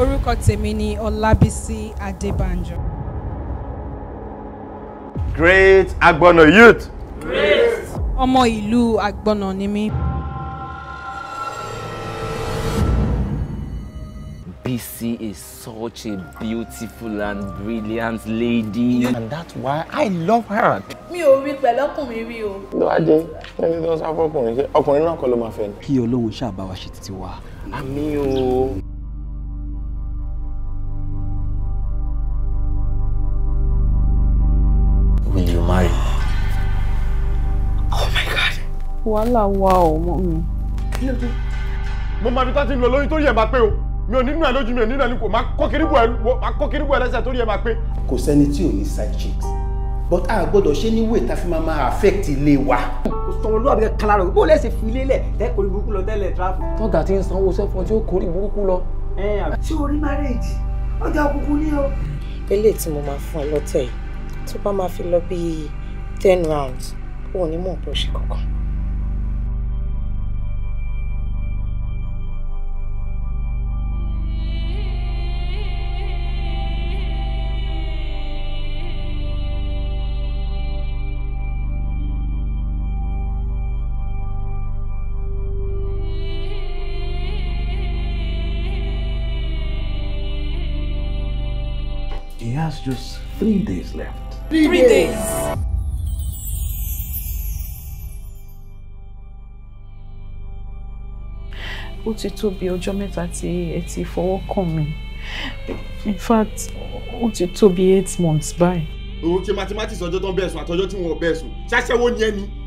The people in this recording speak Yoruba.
orúkọ tèmi ni Ọlábísí Adébánjọ. Great Agbọ̀nà youth. Great. Ọmọ ìlú Agbọ̀nà ni mí. BC is such a beautiful and brilliant lady. And that's why I love her. Mi ò rí pẹ̀lú ọkùnrin rí o. Ló wá jẹ́ ẹni tó ń sá fọkùnrin ṣe ọkùnrin náà kọ́ ló máa fẹ́ ni. Kí Ọlọ́run ṣàbáwá ṣe títí wa. Àmín o. will you marry? Oh my God. Wala wà ó mọ́ mi. Mo máa fi tá ti lọ lóyún torí ẹ̀ máa pé o. Mi ò nínú ẹ lójú mi ò nínú ẹ ní kò máa kọ́ kiri bù ẹ máa kọ́ kiri bù ẹ lẹ́sẹ̀ torí ẹ máa pé. Kò sẹ́ni tí ò side chicks but a gbọ́dọ̀ ṣe ni wèé tá fi máa máa affect ilé wa. kò sọ wọn lóàbí kan lára bó lẹ́sẹ̀ fi ilé le tẹ́ kórìí burúkú lọ tẹ́lẹ̀ tráfù. tọ́gà ti ń sanwó sẹ́fọ̀n tí ó kórìí burúkú lọ. ṣé orí marriage ọjà òkùnkùn ni o. eléyìí tí mo máa fún ọ lọ́tẹ̀ tó bá máa fi lọ bíi ten rounds òun ní mọ̀ bó ṣe kankan. He has just three days left three, three days. days. ó ti tó bí ọjọ́ mẹ́ta tí ẹ ti fọwọ́ kàn mí in fact ó ti tó eight months báyìí. òun ṣe mathematics ọjọ́ tó ń bẹ̀sùn àtọjọ́ tí wọ́n bẹ̀sùn ṣáṣẹ́wó ni ẹni.